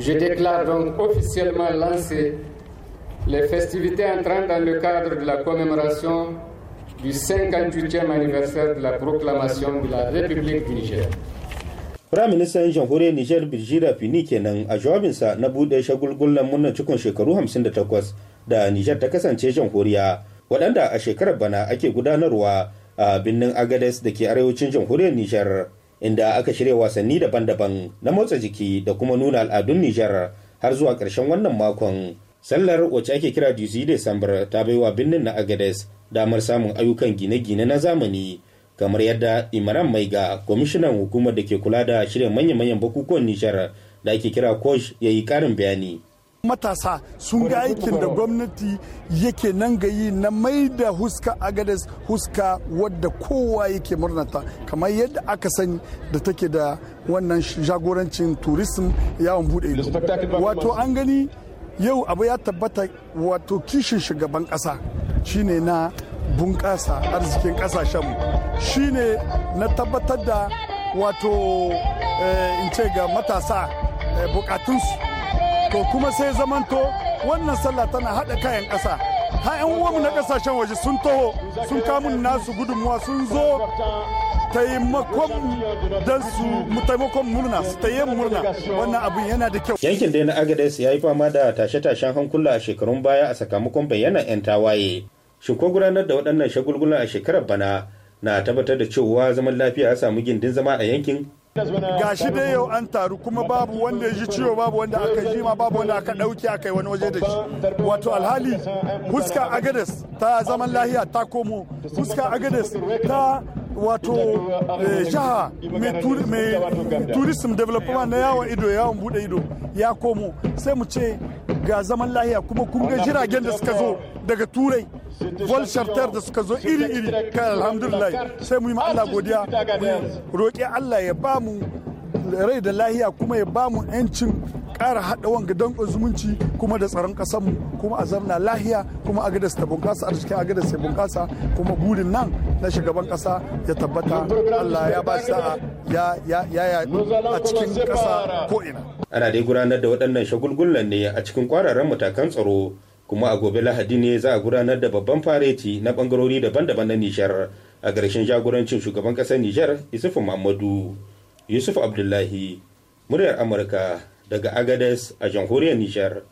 Je déclare donc officiellement lancées les festivités entrant dans le cadre de la commémoration du 58e anniversaire de la proclamation de la République du Niger. jean jamhuriyar Niger Birgira Fini kenan a jawabinsa na buɗe shagulgullan munna cikon shekaru 58 da Nijar ta kasance jamhuriya waɗanda a shekarar bana ake gudanarwa a birnin Agades da ke arewacin jamhuriyar Nijar. inda aka shirya wasanni daban-daban na motsa jiki da kuma nuna al'adun Nijar har zuwa ƙarshen wannan makon. Sallar wacce ake kira Jusi Desambar ta baiwa birnin na Agades damar samun ayyukan gine-gine na zamani kamar yadda Imran Maiga, kwamishinan hukumar da ke kula da shirya manya-manyan bukukuwan Nijar da ake kira Kosh ya yi ƙarin bayani. matasa sun ga aikin da gwamnati yake nan gayi na mai da huska agades huska wadda kowa yake murnata kamar yadda aka sani da take da wannan jagorancin turism yawon bude ido wato an gani yau abu ya tabbata wato kishin shugaban kasa shine na bunƙasa arzikin ƙasashenmu shine na tabbatar da wato eh, in ce ga matasa eh, bukatunsu to kuma sai zamanto wannan sallah tana haɗa kayan kasa ha 'yan uwanmu na ƙasashen waje sun taho sun kamun nasu gudunmuwa sun zo taimakon don su mu taimakon murna su taye murna wannan abin yana da kyau yankin dai na agades ya yi fama da tashe-tashen hankula a shekarun baya a sakamakon bayyana 'yan tawaye shin ko gudanar da waɗannan shagulgula a shekarar bana na tabbatar da cewa zaman lafiya ya samu gindin zama a yankin ga shi dai yau an taru kuma babu wanda ya ji ciwo babu wanda aka ji ma babu wanda aka ɗauki aka yi wani waje da shi wato alhali huska agades ta zaman lahiya ta komo huska agades ta wato eh, jaha mai tourism development na yawon ido yawon bude ido ya komo sai mu ce ga zaman lahiya kuma kun ga jiragen da suka zo daga turai vol charter da suka zo iri-iri kai alhamdulillah sai mu yi Allah godiya roƙi Allah ya ba mu rai da lahiya kuma ya ba mu 'yancin ƙara haɗa wanga don zumunci kuma da tsaron mu kuma a zamna lahiya kuma agadas ta bunƙasa a agadas su bunƙasa kuma burin nan na shugaban ƙasa ya tabbata Allah ya ba shi ya ya ya a cikin ƙasa ina. Ana dai gudanar da waɗannan shagulgullan ne a cikin ƙwararren matakan tsaro kuma a gobe lahadi ne za a gudanar da babban fareti na bangarori daban-daban na nijar a ƙarshen jagorancin shugaban ƙasar nijar isufu muhammadu yusuf abdullahi muryar amurka daga agades a jamhuriyar nijar